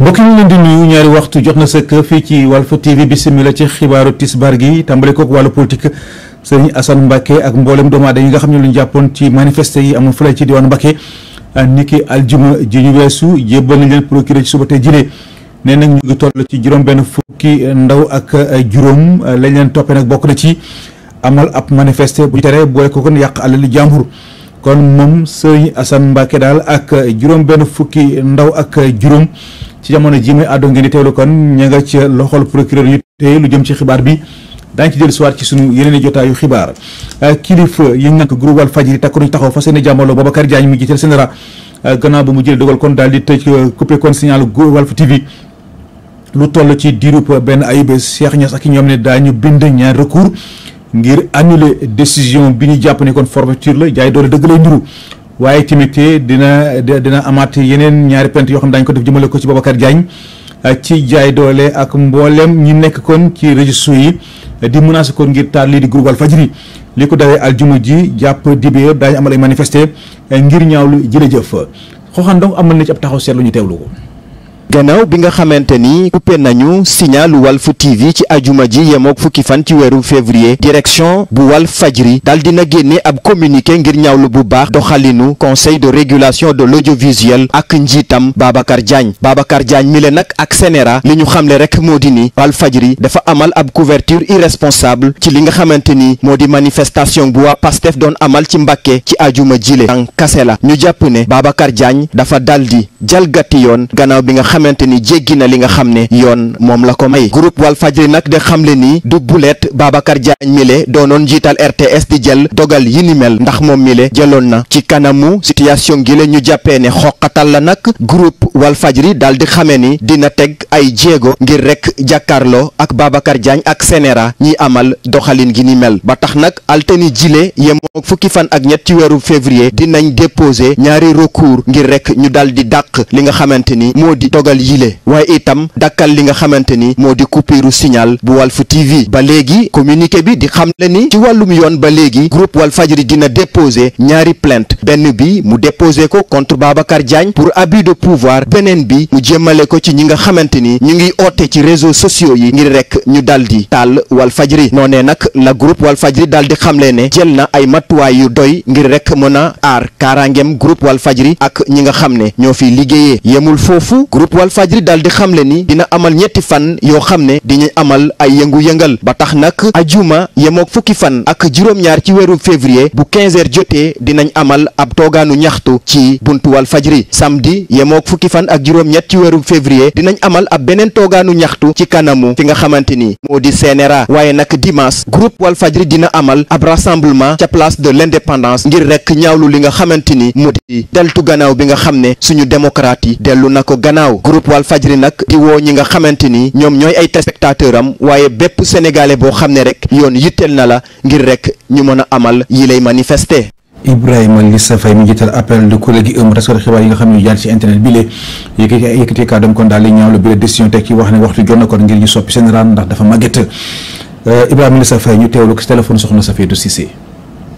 mbokk yi ñu leen di nuyu ñaari waxtu jot na sëkk fii ci Walf TV bisimilah ci xibaaru tisbaar gi tàmbali kook wàllu politique sëriñ Assane Mbacke ak mboolem doomu aadama yi nga xam ne lu ñu jàppoon ci manifester yi amoon fële ci diwaanu Mbacke ah, niki aljuma ji ñu weesu jébbal nañ leen procureur ci suba tey jile nee nag ñu ngi toll ci juróom benn fukki ndaw ak ah, juróom ah, lañ leen toppee nag bokk na ci amal ab manifester bu tere boole ko kon yàq alali jàmbur kon moom sëriñ Assane Mbacke daal ak juróom fukki ndaw ak juróom ci jamono jii muy àddoo ngeen di teewlu kon ña ca loxol procureur yu tey lu jëm ci xibaar bi daañu ci jël soir ci sunu yeneen i jotaayu xibaar euh, kilifa yi nga groupe Walfadjri takku nañu taxaw fa seen i jàmmaloo Babacar Diagne mu jiiteel Sénégal euh, gannaaw ba mu jël dogal kon daal di tëj euh, coupé kon signal Walf TV lu toll ci diirub benn ayubés Cheikh Niass ak ñoom ne daañu bind ñaar recours ngir annuler décision bi ñu jàpp ne kon forfaiture la jaay doole dëgg lay nduru waaye tamit dina dina amaat yeneen ñaari plainte yoo xam ne daañu ko def jëmale ko ci booba Babacar Diagne ah, ci jaay doole ak mbooleem ñi nekk kon ci registre yi ah, di menacé kon ngir taal lii di groupe Walfadjri li ko dawee aljuma ji jàpp dibéer daañu amal ay manifester ah, ngir ñaawlu jërëjëf xooxaan donc amal na ci ab taxaw seetlu ñu teewlu ko. gannaaw bi nga xamante ni coupé nañu wall Walf TV ci ajuma ji yemook fukki fan ci weeru février direction bu Walf Fadjri dal na génne ab communiqué ngir ñaawlu bu baax doxalinu conseil de régulation de l'audiovisuel ak njiitam Babacar Diagne Babacar Diagne mi le nag ak CNRA li ñu xamle rek moo di ni wall Fadjri dafa amal ab couverture irresponsable ci li nga xamante ni moo di manifestation bu waa PASTEF doon amal ci Mbàkke ci ajuma jile tànk kase la ñu jàpp ne Babacar Diagne dafa daldi jalgati xamante ni jéggi li nga xam ne yoon moom la ko may groupe Walfadjri nag de xamle ni du bulet Babacar Diagne mile doonoon njiital RTS di jël dogal yi ni mel ndax moom mile jëloon na ci kanamu situation gi ñu jàppee ne xoqatal la nag groupe Walfadjri daal di xame ni dina teg ay jéego ngir rek jàkkaarloo ak Babacar Diagne ak CNRA ñi amal doxalin gi ni mel ba tax nag alteni jile yemoo fukki fan ak ñett weeru février dinañ déposer ñaari recours ngir rek ñu dal di dàq li nga xamante dogal yile waaye itam dakkal li nga xamante ni moo di coupure signal bu Walf TV ba léegi communiqué bi di xam xamle ni ci wàllum yoon ba léegi groupe Walfadjri dina déposé ñaari plainte benn bi mu déposé ko contre Babacar Diagne pour abus pouvoir beneen bi mu jémmale ko ci ñi nga xamante ni ñu ngi oote ci réseaux sociaux yi ngir rek ñu daldi taal Walfadjri noonee nag la groupe Walfadjri daldi xamle ne jël na ay matuwaay yu doy ngir rek mën a aar kaaraangeem groupe Walfadjri ak ñi nga xam ne Walfadjri daal di xamle ni dina amal ñetti fan yoo xam ne diñuy amal ay yëngu-yëngal ba tax nag ajuma yemook fukki fan ak juróom-ñaar ci weeru février bu 15 jotee dinañ amal ab toogaanu ñaxtu ci buntu Walfadjri samedi yemook fukki fan ak juróom-ñett ci weeru février dinañ amal ab beneen toogaanu ñaxtu ci kanamu fi nga xamante ni moo di CNRA waaye nag dimanche groupe Walfadjri dina amal ab rassemblement ca place de l'indépendance ngir rek ñaawlu li nga xamante ni mu di gannaaw bi nga xam ne suñu démocrate yi dellu na ko gannaaw groupe Walfadjri nag di woo ñi nga xamante ni ñoom ñooy ay téléspectateur am waaye bépp sénégalais boo xam ne rek yoon yitteel na la ngir rek ñu mën a amal yi lay manifester. Ibrahima Lissa Faye mi jiital appel de kuréel gi ëmb taskatu xibaar yi nga xam ne ñu jaar ci internet bi lee yëkkati yëkkati kàddoom kon daal di ñaawlu bi la décision teg ci wax ne waxtu jot na kon ngir ñu soppi seen raan ndax dafa màgget euh, Ibrahima Lissa Faye ñu teewlu ko ci téléphone soxna Safiatou Cissé.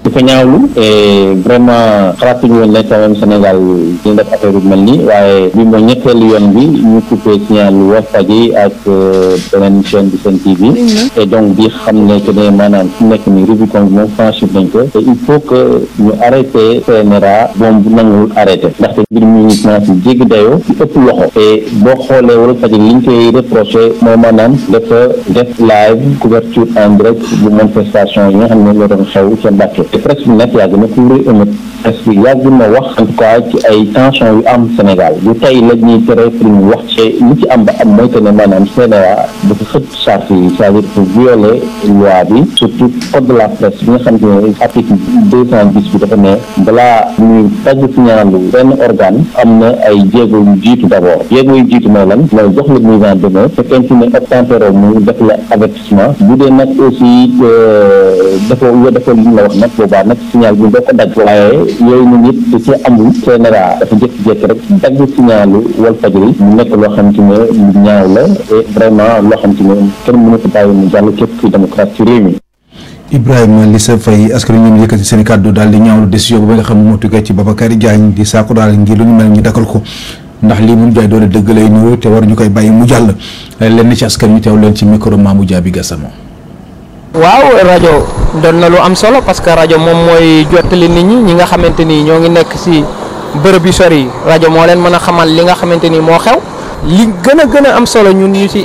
di ko ñaawlu et eh, vraiment xalaatuñu woon ne quand même Sénégal dina def affaire yu mel nii waaye bi mooy ñetteelu yoon bi ñu coupé signal Walfadjri ak euh, beneen chaîne bi Sen TV mm-hmm. et donc di xam ne que ne maanaam fi nekk ni Rubicon bi moom franchir nañ ko te il faut que ñu arrêté CNRA moom nanguwul arrêté ndaxte mbir mi ngi commencé jéggi dayoo ëpp loxo et boo xoolee Walfadjri li ñu koy reproché mooy maanaam dafa def live couverture en direct bu manifestation te presque bu nekk yaa gën a couvrir émeute presse bi yàgg na wax en tout cas ci ay tension yu am Sénégal bu tey la ñuy tere pour mu wax ci li ci am ba am mooy na ne maanaam CNRA dafa xëcc charte yi c'est-à-dire loi bi surtout code de la presse bi nga xam ne article deux cent dix bi dafa ne balaa ñuy tagg signalu benn organe am na ay jéego yu jiitu d'abord jéego yu jiitu mooy lan mooy jox la mise en demeure fekkente ne obtempérer mu def la avertissement bu dee nag aussi euh, dafa dafa li ñu la wax nag boobaa nag signal bi doo ko yooyu ñu nit da cee amul CNRA dafa jékki-jékki rek dagg signalu Walfadjri mu nekk lu ñaaw la et vraiment loo xam te ne kenn mënu ko bàyyi mu jàll képp kuy démocrate ci réew mi Ibrahima Lissa Faye askan wi ñoom yëkkati seen kàddu daal di ñaawlu décision ba nga xam moo tukkee ci Babacar Diagne di saako daal ngir lu ñu mel ñu dakkal ko ndax lii moom jaay doole dëgg lay ñëw te war ñu koy bàyyi mu jàll lenn ci askan wi teew leen ci micro Mamou bi Gassama waaw rajo doon na lu am solo parce que rajo moom mooy jottali nit ñi ñi nga xamante ni ñoo ngi nekk ci bërëb yu sori rajo moo leen mën a xamal li nga xamante ni moo xew li gën a gën a am solo ñun ñu ci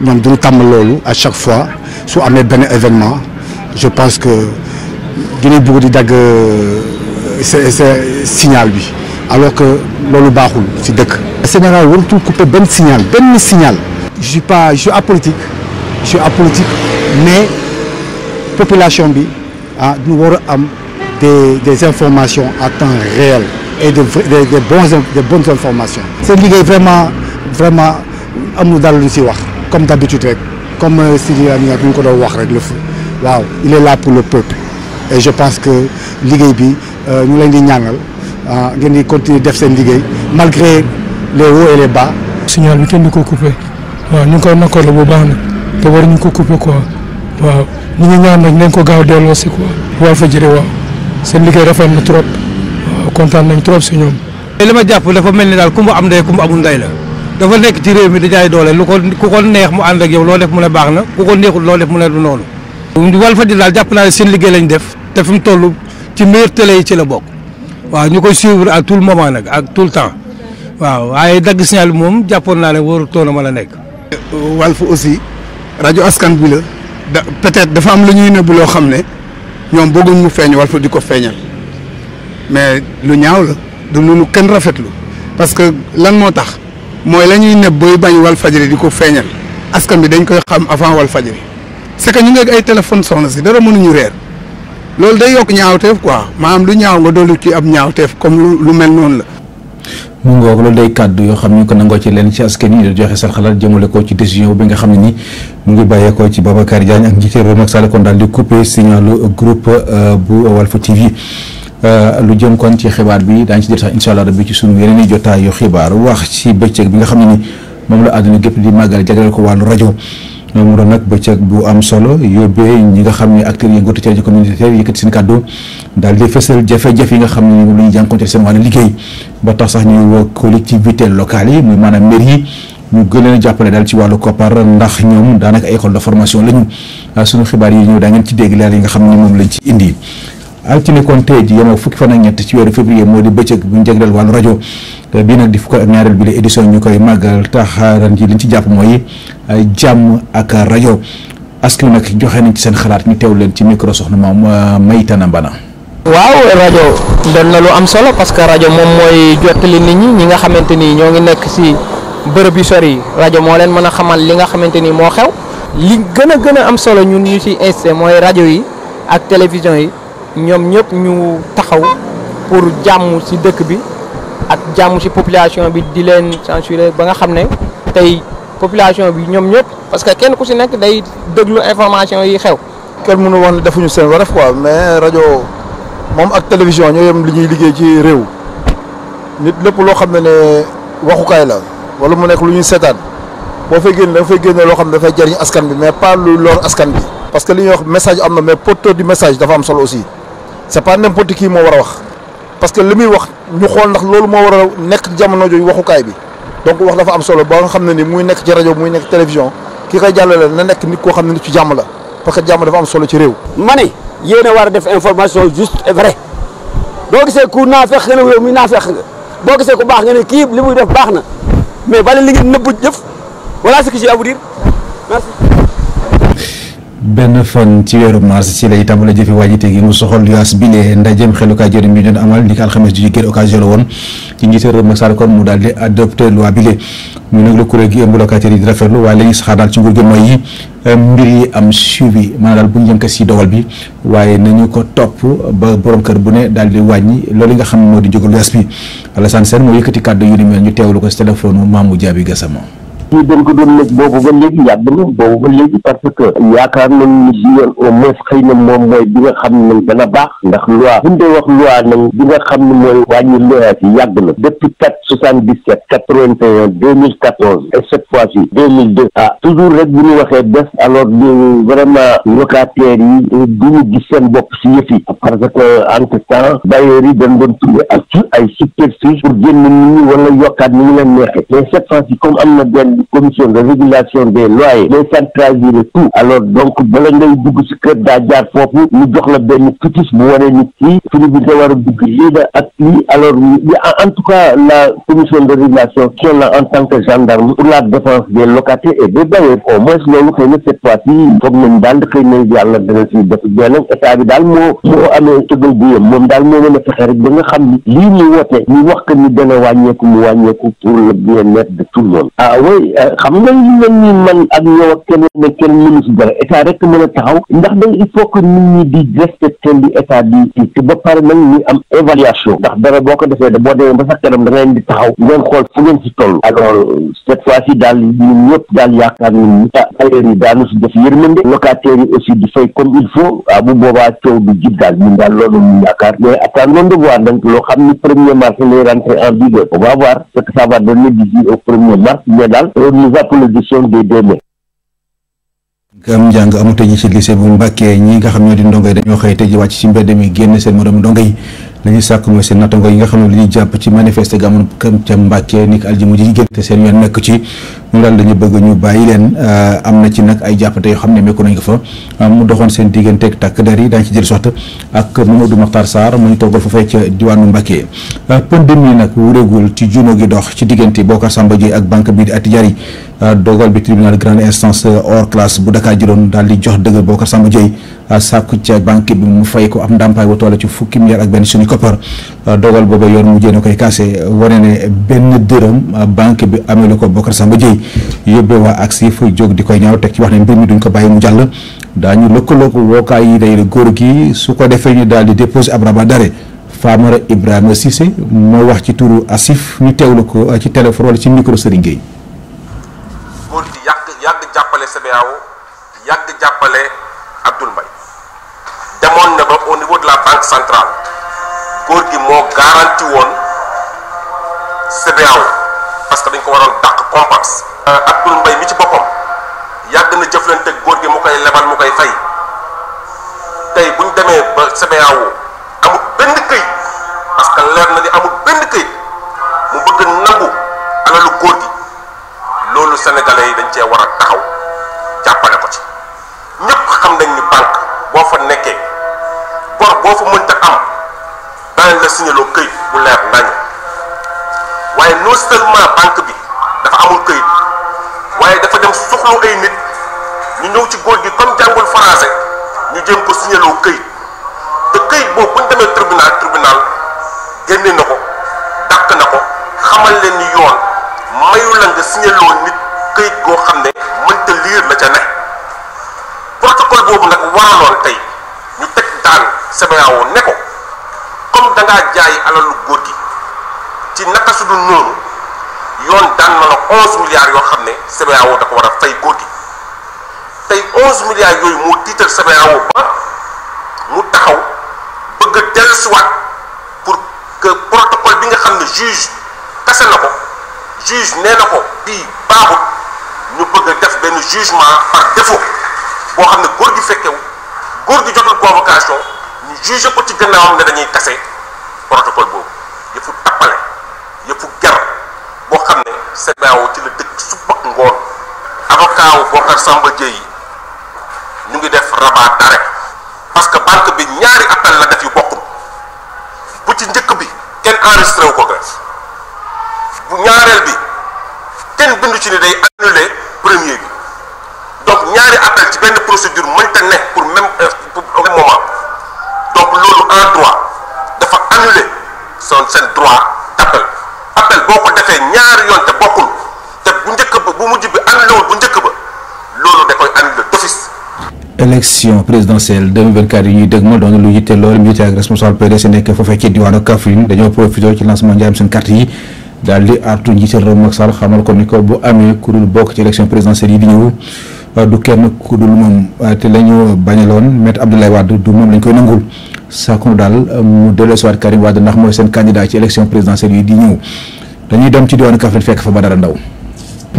ñoom duñu tàmm loolu à chaque fois su amee benn événement je pense que duñu bëgg di dagg euh, signal bi alors que loolu baaxul ci dëkk. Sénégal warutul couper benn signal benn signal. je suis pas je suis apolitique je suis apolitique mais population bi ah ñu war a am des des informations à temps réel et de des des bons des bonnes informations. seen liggéey vraiment vraiment am lu daal lu ci wax. comme d'habitude rek comme euh, Sidi Lamine ak ñu ko doon wax rek la fi waaw il est là pour le peuple et je pense que liggéey bi euh, ñu leen di ñaanal ah, ngeen di continuer def seen liggéey malgré les hauts et les bas. signal bi kenn du ko coupé waaw ñu ngi koy nakkoorlu bu baax nag te war ñu ko coupé quoi waaw ñu ngi ñaan nag nañ ko gaaw delloo si quoi. Walfadjri waaw seen liggéey rafet na trop waaw kontaan nañ trop si ñoom. li ma jàpp dafa mel ni daal ku mu am ndey ku mu amul ndey la. dafa nekk ci réew mi di jaay doole lu ko ku ko neex mu ànd ak yow loo def mu ne baax na ku ko neexul loo def mu ne du noonu. di daal jàpp naa ne seen liggéey lañ def te fu mu toll ci meilleur télé yi ci la bokk waaw ñu ko suivre ak tout le moment nag ak tout le temps waaw waaye dagg signal bi moom jàppoon naa ne warutoon a mën a nekk. Walf aussi rajo askan bi la peut-être dafa am lu ñuy nëbb loo xam ne ñoom bëgguñ mu feeñ Walf di ko feeñal mais lu ñaaw la du kenn rafetlu parce que lan moo tax. mooy la ñuy neb booy bañ wal fajri di ko feeñal askan bi dañ koy xam avant wal fajri c'est que ñu ngi ay téléphone soxna si dara mënuñu reer loolu day yokk ñaawteef quoi maanaam lu ñaaw nga dollu ci ab ñaawteef comme lu mel noonu la. mu ngoog loolu day kàddu yoo xam ni ko nangoo ci leen ci askan yi di joxe seen xalaat jëmale ko ci décision bi nga xam ne ni mu ngi bàyyeekoo ci Babacar Diagne ak njiité réew mi ak Sall kon daal di coupé signalu groupe euh, bu Walf TV. Euh, lu jëm kon ci xibaar bi daañu si jël sax incha allah bi ci sunu yeneen i jotaayu xibaar wax ci bëccëg bi nga xam ne ni moom la àdduna gépp di màggal jagleel ko wàllu rajo mu doon nag bëccëg bu am solo yóbbee ñi nga xam ne acteurs yi yëngatu ci rajo communautaire yëkkati seen daal di fësal jafe-jafe yi nga xam ne lu ñu jànkonte seen wàllu liggéey ba tax sax ñuy woo collectivité locale yi muy maanaam maire yi ñu gën leen jàppale daal ci wàllu koppar ndax ñoom daanaka ay école de formation lañu sunu xibaar yi ñëw daa ngeen ci dégg leer yi nga xam ne moom lañu ci indi altine kon ji yemoo fukki fan ak ñett ci weeru février moo di bëccëg bu ñu jagleel wàllu rajo bii nag di fukk ak ñaareel bi la édition ñu koy màggal tax ren ji liñ ci jàpp mooy jàmm ak rajo askan nag joxe nañ ci seen xalaat ñu teew leen ci micro soxna moom euh, Maytana Mbana. waaw rajo doon na lu am solo parce que rajo moom mooy jottali nit ñi ñi nga xamante ni ñoo ngi nekk si bërëb yi sori yi rajo moo leen mën a xamal li nga xamante ni moo xew li gën a gën a am solo ñun ñu ci insisté mooy rajo yi ak télévision yi. ñoom ñëpp ñu taxaw pour jàmm ci dëkk bi ak jàmm ci population bi di leen censurer ba nga xam ne tey population bi ñoom ñëpp parce que kenn ku si nekk day déglu information yi xew. kenn mënu woon ne defuñu seen waraf quoi mais rajo ak télévision ñoo yem li ñuy liggéey ci réew nit loo xam ne ne waxukaay la wala mu nekk lu ñuy seetaan boo fay génne da nga fay loo xam ne dafay jariñ askan bi mais pas lu lor askan bi parce que li ñuy wax message am na mais porteur du message dafa am solo aussi. c'est pas n'importe qui moo war a wax parce que li muy wax ñu xool ndax loolu moo war a nekk jamono jooju waxukaay bi donc wax dafa am solo boo nga xam ne ni muy nekk ci rajo muy nekk télévision ki koy jàllale na nekk nit koo xam ne nit ci jàmm la parce que jàmm dafa am solo ci réew. ma ne a war def information juste et vrai boo gisee ku naa fex nga ne yow mi naa fex nga boo gisee ku baax nga ne kii li muy def baax na mais bala li ngeen nëbbu jëf voilà ce que benn fan ci weeru mars ci lay tàmbale jëfe waajite gi mu soxol yaas bi lee ndajeem xelukaay jëriñ bi ñu doon ni ki alxames ji génn occasion la woon ci njiité réew Macky Sall kon mu daal di adopté loi bi lee mu nag la kuréel waaye la euh, mbir yi am suivi maanaam daal bu ñu jënk si dogal bi waaye nañu ko topp ba borom kër bu ne daal di wàññi loolu nga xam moo di jógal yaas bi Alassane Sène moo yëkkati kàddu yu ni mel ñu teewlu ko si téléphone Mamou Diaby Gassama kii dañ ko doon nekk boobu ba léegi yàgg na boobu ba parce que yaakaar nañ ni bi yoon au na moom bi nga xam ne dana baax ndax loi buñ dee wax loi nañ bi nga xam ne mooy wàññi loyer yi yàgg na depuis quatre soixante dix sept quatre vingt et un deux mille quatorze et cette fois ci deux mille deux ah toujours rek bu ñu waxee def alors vraiment locataires yi duñu gis seen bopp si yëf yi parce que entre temps bailleurs yi dañ doon a ak ay subterfuge pour génn nit ñi wala yokkaat ni ñu leen neexee mais cette fois ci comme am na commission de régulation des loyers day centraliser tout alors donc bala ngay dugg si kër daa foofu ñu jox la benn fitis bu waree nit kii prix bi da war a dugg lii da ak lii alors en tout cas la commission de régulation sont là en tant que gendarme pour la défense des locataires et des bailleurs au moins loolu xëy na cette fois ci foog nañ daal xëy na yàlla dana si def mais nag état bi daal moo moo amee tëgal bu yem moom daal moo mën a fexe rek ba nga ni lii xam nga li mel ni man ak yow kenn ne kenn si dara état rek mën a taxaw ndax dañ il faut que nit ñi di respecté li état di te ba pare nag ñu am évaluation ndax dara boo ko defee da boo demee ba sa kanam da ngeen di taxaw ngeen xool fu ngeen si toll alors cette fois ci daal ñun daal yaakaar nit ñi bailleurs si def yërmande locataires aussi di fay comme il faut waaw ah, bu boobaa coow du jib daal ñun daal loolu ñu yaakaar mais attendons de voir donc loo xam ni premier daal nous applaudissons des deux mains. am njàng amul tey ji ci lycée bu Mbàkke ñi nga xam ñoo di ndongo yi dañoo xëy tey ji wàcc ci mbedd mi génn seen moroom ndongo yi la ñuy sàkk mooy seen nattango yi nga xam ne li jàpp ci manifeste ga amoon kam ca Mbàkke ni ki aljuma ji génn te seen yoon nekk ci ñu daal dañu bëgg ñu bàyyi leen euh, am na ci nag ay jàppante yoo xam ne mekku nañ ko fa euh, mu doxoon seen digganteek takk der yi dañ ci jël soxta ak Mamadou Makhtar saar mu ñu toogal foofee ca diwaanu Mbacké euh, pandémie nag wuréegul ci juno gi dox ci diggante Bocar Samba Dièye ak banque bii di Attijari Euh, dogal bi tribunal grande instance euh, hors classe bu Dakar jëloon daal di jox dëgg Bocar Samba Dièye euh, sàkku ca banque bi mu fay ko ab ndàmpaay bu toll ci fukki milliards ak benn suñu koppar dogal booba yoon mu jéem a koy kaase wane ne benn dërëm banque bi ameelu ko Bocar Samba Dièye yóbbee waa AXIF jóg di koy ñaw teg ci wax ne mbir mi duñ ko bàyyi mu jàll daañu lëkkaloo wookaay yi day góor gi su ko defee ñu daal di déposé ab rabat d'arrêt Famara Ibrahima Cissé moo wax ci turu AXIF ñu teewlu ko ci téléphone ci micro Serigne Gueye yàgg jàppale CBAO yàgg jàppale Abdoul Mbaye demoon na ba niveau de la banque centrale góor gi moo garanti woon CBAO parce que dañ ko waroon dàq compas euh, Abdoul mbay bi ci boppam yàgg na jëflante góor gi mu koy lebal mu koy fay tey bu ñu demee ba CBAO amul benn këyit parce que leer na ni amul benn këyit mu bëgg nangu alalu góor gi sénégalais yi dañ cee war a taxaw jàppale ko ci ñëpp xam nañ ni banque boo fa nekkee bor boo fa mënta am danañ la signaloo këyit bu leer nañ waaye non seulement bi dafa amul këyit waaye dafa dem soxlu ay nit ñu ñëw ci góor gi comme jàngul français ñu jëm ko signaloo këyit te këyit boo bu ñu demee tribunal tribunal génne na ko dàq na ko xamal leen ni yoon mayu nga signaloo nit këyit goo xam ne mënta la ca ne protocole boobu nag waraloon tey ñu teg daan CBAO ne da ngaa jaay alalu góor gi ci naka su yoon yoo xam ne CBAO da ko war a fay góor gi tey onze milliards taxaw bëgg a dellusiwaat pour bi nga xam ne juge tase na ko juge nee na ko bii baaxut ñu bëgg def benn jugement par défaut boo xam ne góor gi fekkewu góor gi jotul convocation ñu juge ko ci gannaawam ne dañuy kase protocole boobu yëfu tappale yëfu ger boo xam ne CEDEAO ci la dëkk suba ak ngoon avocat wu Bocar Samba Dièye ñu ngi def rabat d'arrêt parce que banque bi ñaari appel la def yu bokkul bu ci njëkk bi kenn enregistré ko grève bu ñaareel bi kenn bindu ci ni day annulé premier bi donc ñaari appel ci benn procédure mënta ne pour même euh, pour moment donc loolu en droit dafa annuler son seen droit appel appel boo ko defee ñaari yoon te bokkul te bu njëkk ba bu mujj bi annulé wul bu njëkk ba loolu da koy annulé d' office. élection présidentielle yi ñuy dëgmal doon yitte loolu militaire ak responsable PDS nekk foofee ci diwaanu Kaffrine dañoo profité ci lancement njaayam seen carte yi. daal di artu njiital réew Macky Sall xamal ko ni ko bu amee ku dul bokk ci élection présidentielle yi di ñëw du kenn ku dul moom te la bañaloon Maître Abdoulaye Wade du moom lañ koy nangul sàkku daal mu delloosiwaat Karim Wade ndax mooy seen candidat ci élection présidentielle yi di ñëw dañuy dem ci diwaanu Kaffrine fekk fa Badara Ndaw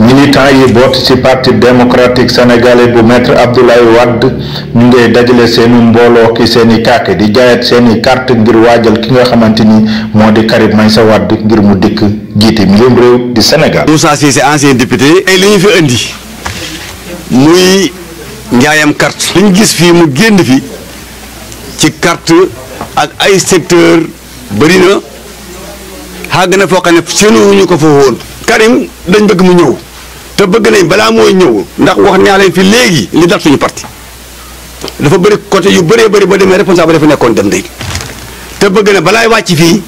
militant yi boot ci parti démocratique sénégalais bu maître Abdoulaye Wade ñu ngay dajale seeni mbooloo ki seeni kaake di jaayat seeni carte ngir waajal ki nga xamante ni moo di Karim Meïssa Wade ngir mu dikk jiite mim réew di Sénégal Moussa Cissé ancien député ay li ñu fi indi muy njaayam carte li ñu gis fii mu génn fi ci carte ak ay secteur bëri na xàgg na foo xam ne seenu ñu ko fa Karim dañ bëgg mu ñëw te bëgg nañ balaa mooy ñëw ndax wax naa leen fi léegi li dal suñu parti dafa bëri côté yu baree bari ba demee responsable dafa nekkoon dem léegi te bëgg na balaay wàcc fii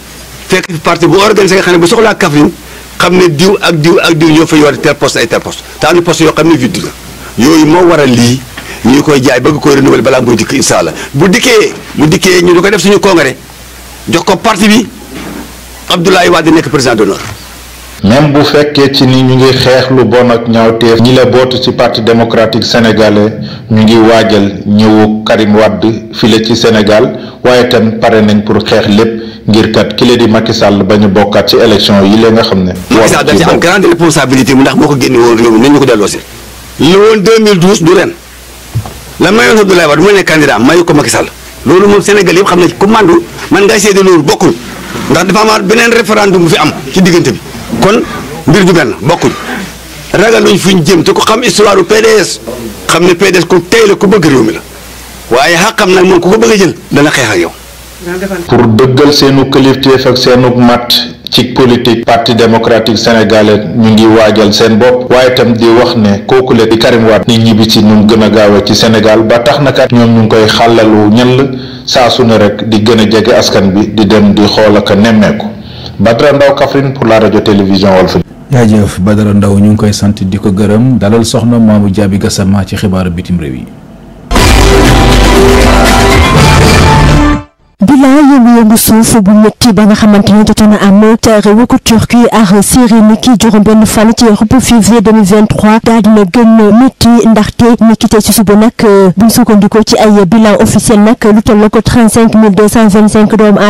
fekk fi parti bu organisé nga xam ne bu soxlaa Kaffrine xam ne diw ak diw ak diw ñoo fa yore tel poste ay tel poste te am na poste yoo xam ne vide la yooyu moo waral lii ñu koy jaay bëgg koy renouveler balaa muy dikk incha allah bu dikkee bu dikkee ñu di ko def suñu congrès jox ko parti bi Abdoulaye Wade nekk président d'honneur même bu fekkee ci ni ñu ngi xeex lu bon ak ñaawteef ñi la bootu ci parti démocratique sénégalais ñu ngi waajal ñëwu Karim Wade file ci Sénégal waaye tam pare nañ pour xeex lépp ngir kat ki la di Macky Sall bañ a bokkaat ci élection yi la nga xam ne. Macky Sall da ci am ko génne woon réew mi nañ ñu ko delloosi. li woon 2012 du ren la mayoon Abdoulaye Wade du ma ne candidat mayu ko Macky Sall loolu moom Sénégal yëpp xam ne ci commande man ngaa seede loolu bokkul ndax dafa amaat beneen référendum bu fi am ci diggante bi. kon mbir du benn bokkuñ ragaluñ fuñ jëm te ko xam histoire du PDS xam ne PDS ko tey la ko bëgg réew mi la waaye xaqam nag moom ku ko bëgg a jël dana xeex yow. pour dëggal seenu kilifteef ak seenu mat ci politique parti démocratique sénégalais ñu ngi waajal seen bopp waaye tam di wax ne kookule di Karim ni ñibbi si ñu gën a gaaw ci Sénégal ba tax na kat ñoom ñu ngi koy xàllalu ñëll saa su ne rek di gën a jege askan bi di dem di xool ak nemmeeku. Badara Ndaw Kaffrine pour la radio télévision Walf. jaajëf Badara Ndaw ñu ngi koy sant di ko gërëm dalal soxna Mamou Diaby Gassama ci xibaaru bitim réew yi. la yëngu-yëngu suuf bu métti ba nga xamante ni jotoon na am ca réewu ko Turquie ak Syrie ni ki juróom benn fan ci weeru février 2023 daal dina gën ndaxte ni ki tey ci suba nag euh, buñ ci ay bilan officiel nag lu toll ko 35 225 doomu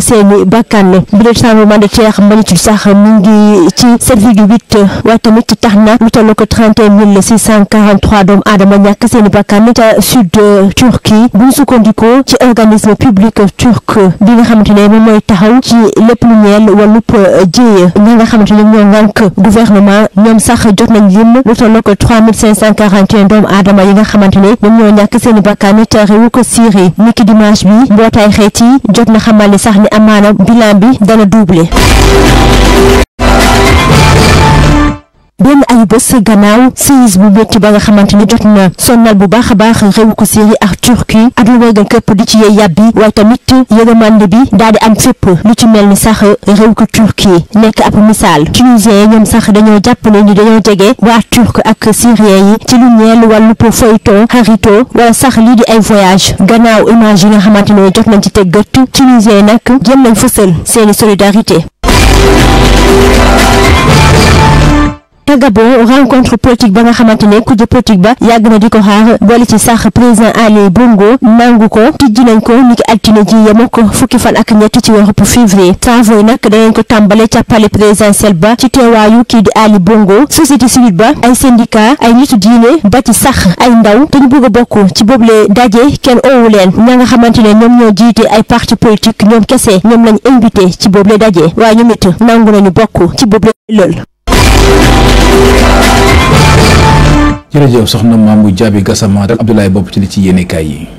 seeni bakkan na lu toll ko 31 643 doomu aadama ñàkk seeni bakkan ca sud euh, Turquie buñ sukkandikoo ci organisme république turque bi nga xamante ne moom mooy taxaw ci lépp lu ñeel wàllub euh, jiyee ñi nga xamante ne ñoo ngànk gouvernement ñoom sax jot nañ lim lu toll ko trois mille cinq aadama yi nga xamante ne ñoom ñoo ñàkk seeni i bakkaan ca réewu ko Syrie niki dimanche bi mbootaay xeet yi jot na xamal ni sax ni amaana bilan bi dana doublé. benn ay bés gannaaw séisme bu métti ba nga xamante ni jot na sonnal bu baax a baax réew ko Syrie ak Turquie àdduna wéygal képp di ci yee yàbbi waaye tamit yërëmande bi daal di am fépp lu ci mel ni sax réew ko Turquie nekk ab misaal tunisien ñoom sax dañoo jàpp ne ñu dañoo jege waa turc ak syrien yi ci lu ñeel wàllub feuilleton xarito wala sax lii di ay voyage gannaaw image yi nga xamante ne jot nañ ci teg gët nak nag jëm nañ fësal seeni solidarité ca Gabon rencontre politique ba nga xamante ne kujje politique ba yàgg na di ko xaar boole ci sax président Ali Bongo nangu ko tijji nañ ko niki altine ji yem ko fukki fan ak ñett ci weeru février travaux yi nag ko tàmbale ca palais présidentiel ba ci teewaayu kii di Ali Bongo société civile ba ay syndicat ay nitu diine ba ci sax ay ndaw te ñu bëgg a bokk ci boobule daje kenn oowu leen ña nga xamante ne ñoom ñoo jiite ay parti politique ñoom kese ñoom lañ invité ci boobule daje waaye ñoom it nangu nañu bokk ci boobule lool jërëjëf soxna Mamou Diaby Gassama ak Abdoulaye Bopp ci li ci yéenekaay yi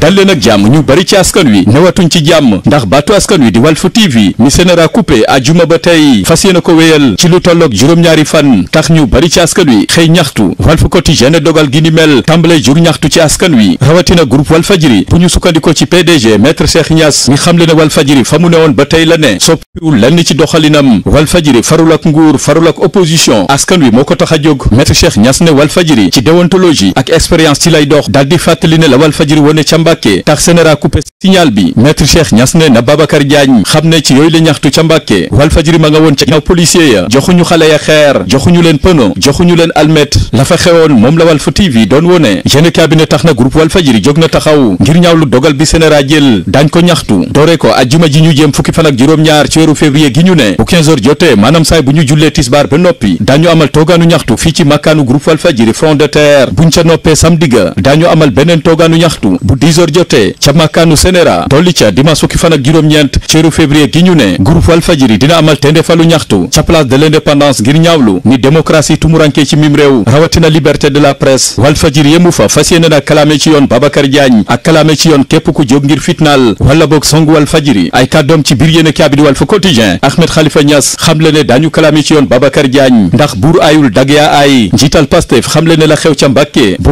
dal leen ak jàmm ñu bari ci askan wi newatuñ ci jàmm ndax baatu askan wi di Walf TV mi sénéra coupé ajuma ba tey fas yéene ko wéyal ci lu tolloog juróom-ñaari fan tax ñu bari ci askan wi xëy ñaxtu Walf Quotidien dogal gi ni mel tàmbale jur ñaxtu ci askan wi rawatina groupe Walfadjri bu ñu sukkandikoo ci PDG maître Cheikh Niass mi xamle ne Walfadjri fa mu woon ba tey la ne soppiwul lenn ci doxalinam Walfadjri farul ak nguur farul ak opposition askan wi moo ko tax a jóg maître Cheikh Niass ne Walfadjri ci déontologie ak expérience lay dox dal di fàttali ne la Walfadjri wone càmb Mbàkke tax sénéra coupé signal bi maître Cheikh Niass ne na Babacar Diagne xam groupe Walfajri jóg na taxaw ngir ñaawlu dogal bi sénéra jël daañ ko ñaxtu doore ko ajjuma ji ñu jëm fukki fan ak juróom-ñaar ci weeru février gi ñu ne bu 15 jotee maanaam saay bu ñu jullee tisbaar ba noppi daañu amal toogaanu ñaxtu fii ci màkkaanu groupe Walfajri front de terre buñ ca noppee samedi ga daañu amal beneen toogaanu ñaxtu bu 10 heures jotee ca màkkaanu sénéra tolli ca dimanche fukki fan ak juróom-ñeent ceeru février gi ñu ne groupe Walfadjri dina amal tendefalu ñaxtu ca place de l'indépendance ngir ñaawlu ni démocratie tumuranke ci mim réew rawatina liberté de la presse Walfadjri yemu fa fas yéene na kalaame ci yoon Babacar Diagne ak kalaame ci yoon képp ku jóg ngir fitnaal wala boog songu Walfadjri ay kàddoom ci biir yéene kaabidi Walf Quotidien Ahmed Khalifa Niass xamle ne daañu kalaame ci yoon Babacar Diagne ndax buur aayul dag yaa aay njiital Pastef xamle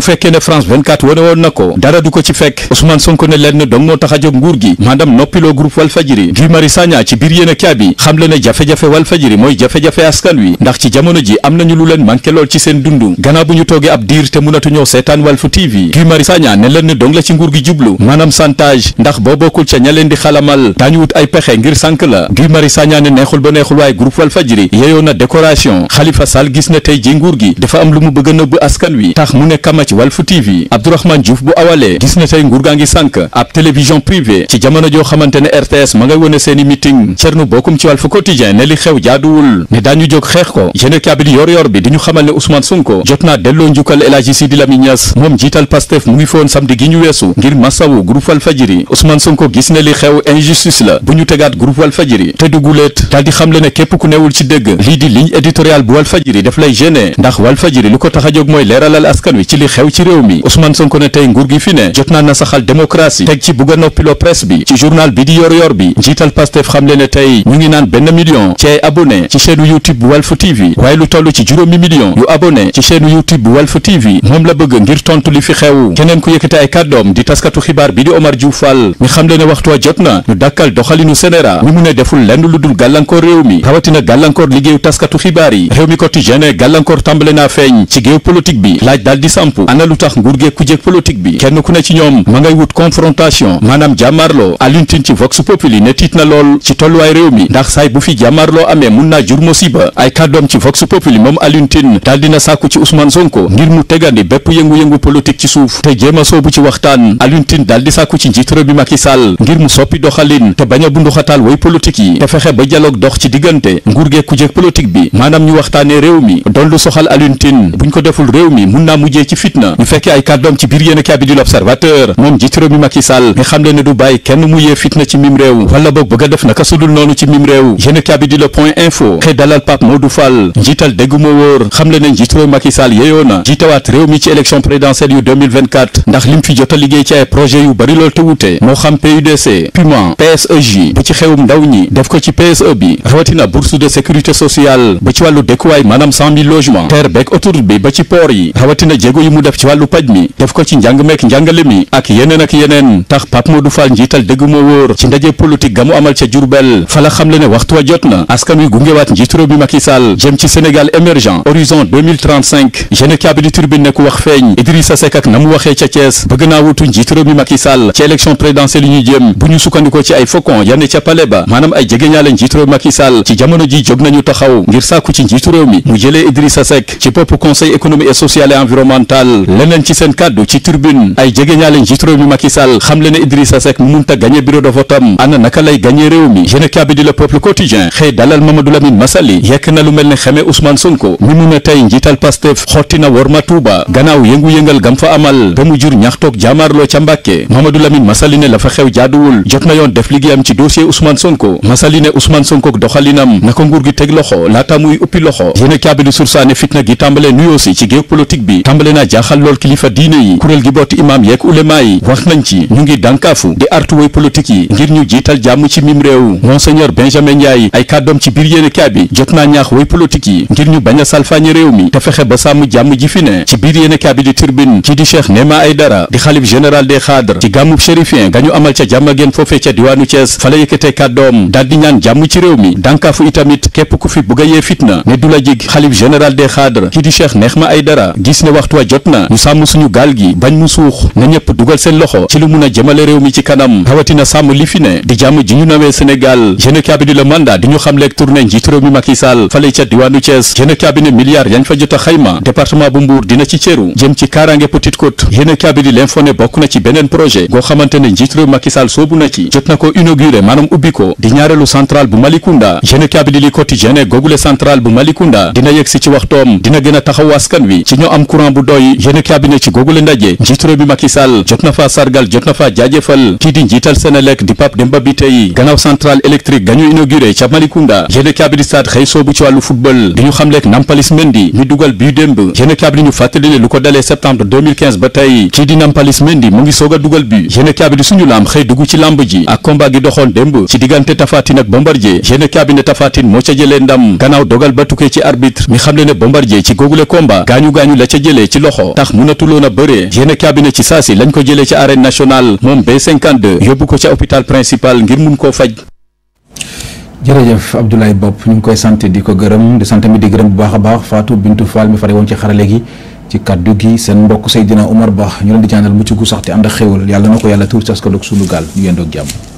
fekkee ne France 24 wane woon na ko ko ci Ousmane Sonko ne lenn dong moo tax a jóg nguur gi maanaam noppiloo groupe Walfadjri Guy Marius Sagna ci biir yéen a kaabi xam le ne jafe-jafe Walfadjri mooy jafe-jafe askan wi ndax ci jamono ji am nañu lu leen manqué lool ci seen bu ñu toogee ab diir te mënatu ñoo seetaan Walf TV Guy Marius Sagna ne lenn dong ci nguur gi jublu maanaam chantage ndax boo bokkul ca ña leen di xalamal daañu wut ay pexe ngir sànk la Guy Marius Sagna ne neexul ba neexul waaye groupe Walfadjri yeyoon na décoration Khalifa Sall gis ne tey ji nguur gi dafa am lu mu bëgg a nëbb askan wi tax mu ne kama ci Walf TV Abdourahmane Diouf bu awalee gis ne tey nguur gaa ngi sànk ab télévision privée ci jamono joo xamante RTS ma ngay wone seeni meeting Thierno Bocoum ci Walf Quotidien ne li xew jaaduwul ne daañu jóg xeex ko yéene kaabidi yor yor bi di ñu xamal ne Ousmane Sonko jot naa delloo njukkal El Sidi Lamine moom jiital Pastef mu ngi foon samedi gi ñu weesu ngir masawu groupe Walfadjri Ousmane Sonko gis ne li xew injustice la bu ñu tegaat groupe Walfadjri te duguleet daal di xamle ne képp ku newul ci a saxal démocratie teg ci bugg a noppiloo presse bi ci journal bi di yor yor bi njiital Pastef xam le ne tey ñu ngi naan benn million ci ay abonné ci chaîne YouTube bu Walf TV waaye lu toll ci juróomi million yu abonné ci chaîne YouTube TV moom la bëgg ngir tontu li fi xew keneen ku yëkkate ay kàddoom di taskatu xibaar bi di Omar Diouf Fall mi xam le ne waxtu wa jot na ñu dàkkal doxalinu Sénéra mi mu ne deful lenn lu dul gàllankoor réew mi rawatina gàllankoor liggéeyu taskatu xibaar yi réew mi quotidien ne gàllankoor tàmbale bi laaj daal di samp ana lu tax nguur gee ku jéeg bi kenn ku ne ci ñoom ma ngay wut confrontation maanaam jàmmaarloo Alioune Tine ci Vox Populi ne tiit na lool ci tolluwaay réew mi ndax saay bu fi jàmmaarloo amee mun naa jur musiba ay kàddoom ci Vox Populi moom Alioune Tine daal dina sàkku ci son Sonko ngir mu tegandi bépp yëngu-yëngu politique ci suuf te jéem a bu ci waxtaan Alioune Tine daal di sàkku ci njiit réew bi Macky Sall ngir mu soppi doxalin te bañ a bunduxataal way politique yi te fexe ba dialogue dox ci diggante nguur gee kujéeg bi maanaam ñu waxtaanee réew mi doon lu soxal Alioune ko deful réew mi mun naa mujjee ci fitna ñu fekkee ay kàddoom ci biir yéen moom jiitu réew mi Macky Sall mi xam ne du bàyyi kenn mu yee fitna ci mim réew wala boog bëgg def naka sudul noonu ci mim réew yéen a di le point info xëy dalal Pape Modou Fall njiital dégg ma wóor xam le ne njiitu réew Macky Sall réew mi ci élection présidentielle yu ndax lim fi jot a liggéey ci ay projet yu bari lool te wute moo xam PUDC PUMA PSEJ ba ci xewum ndaw ñi def ko ci PSE bi rawatina bourse de sécurité sociale ba ci yeneen ak yeneen tax Pape Modou Fall njiital dëgg moo wóor ci ndaje politique ga mu amal ca Jurbel fa xamle ne waxtu wa jot na askan wi gungewaat njiitu réew mi Macky Sall jëm ci Sénégal émergent horizon 2035 jeune cabi di turbine ne ku wax feeñ Idrissa Seck ak na mu waxee ca Thiès bëgg naa wutu njiitu réew mi Macky Sall ci élection présidentielle yi ñuy jëm bu ñu sukkandikoo ci ay fokon yanne ca pale ba maanaam ay jegeñaale njiitu réew mi Macky Sall ci jamono ji jóg seen kàddu ci réew mi Macky Sall xam le ne Idrissa Seck munta gagné bureau de vote am ana naka lay gagné réew mi yéene kaabi di le peuple quotidien xëy dalal Mamadou Lamine Massaly yekk na lu mel ne xeme Ousmane Sonko mi mu ne tey njiital Pastef xotti na war ma Tuuba gannaaw yëngu-yëngal gam fa amal ba mu jur ñaxtoog jaamaarloo ca Mbàkke Mamadou Lamine Massaly ne la fa xew jaaduwul jot na yoon def liggéeyam ci dossier Ousmane Sonko Massaly ne Ousmane Sonko doxalinam na ko nguur gi teg loxo laata muy uppi loxo yéene kaabi di sursaane fitna gi tàmbalee nuyoosi ci géew politique bi tàmbale naa jaaxal lool kilifa diine yi wax nañ ci ñu ngi dànkaafu di artuway politique yi ngir ñu jiital jàmm ci mim réew monseigneur Benjamin Ndiaye ay kàddoom ci biir yéenekaay bi jot na ñaax way politique yi ngir ñu bañ a salfaañi réew mi te fexe ba sàmm jàmm ji fi ne ci biir yéenekaay bi di turbine ci di cheikh Nema Aydara di xalif général des xaadr ci gàmmub chérifien ga ñu amal ca jàmm geen foofee ca diwaanu Thiès fa la yëkkatee kàddoom daal di ñaan jàmm ci réew mi dànkaafu itamit képp ku fi bugg a yee fitna du la jig xalif général des xaadr ci di cheikh Nema Aydara gis ne waxtu wa jot na sàmm suñu gaal gi bañ mu suux seen loxo ci lu mun a jëmale réew mi ci kanam rawatina sàmm li fi ne di jàmm ji ñu nawee Sénégal yéen cabinet le mandat di ñu xam leeg tournée njiitu réew mi Macky Sall fale ca diwaanu Thiès yéen cabinet milliards yañ fa jot a xayma département bu Mbour dina ci céeru jëm ci kaaraange Petite Côte yéen cabinet l'info ne bokk na ci beneen projet goo xamante ne njiitu réew Macky Sall soobu na maanaam ubbi ko di ñaareelu central bu Malicounda yéen cabinet li quotidien ne googule centrale bu Malicounda dina yegg si ci waxtoom dina gën a taxaw askan wi ci ñoo am bu doy yéen cabinet ci googule ndaje njiitu réew mi faa jot na faa jaajëfal kii di njiital Senelec di Pape Demba Bitèye gannaaw centrale électrique gañu inauguré ca Malicounda yéene kaabidi stade xëy soobu ci wàllu football di ñu xamleek Nampalis Mendy mi dugal bii démb yéene kaabidi ñu fàttali ne lu ko dalee septembre ba tey kii di Nampalis Mendy mu ngi soog dugal bi yéene kaabidi suñu laam xëy dugg ci lamb ji ak combat gi doxoon démb ci diggante Tafatine ak Bombardier yéene kaabidi Tafatine moo ca jëlee jële ci arène moom B52 yóbbu ko ci hôpital principal ngir mun koo faj jërëjëf Abdoulaye Bopp ñu ngi koy sant di ko gërëm di sant mi di gërëm bu baax a baax Fatou Bintou Fall mi fare woon ci xarale gi ci kaddu gi seen mbokk Seydina Omar Ba ñu leen di ñaanal mucc gu sax te ànd ak xéwal yàlla na ko yàlla tuur sas ko doog sunu gaal ñu yendoog jàmm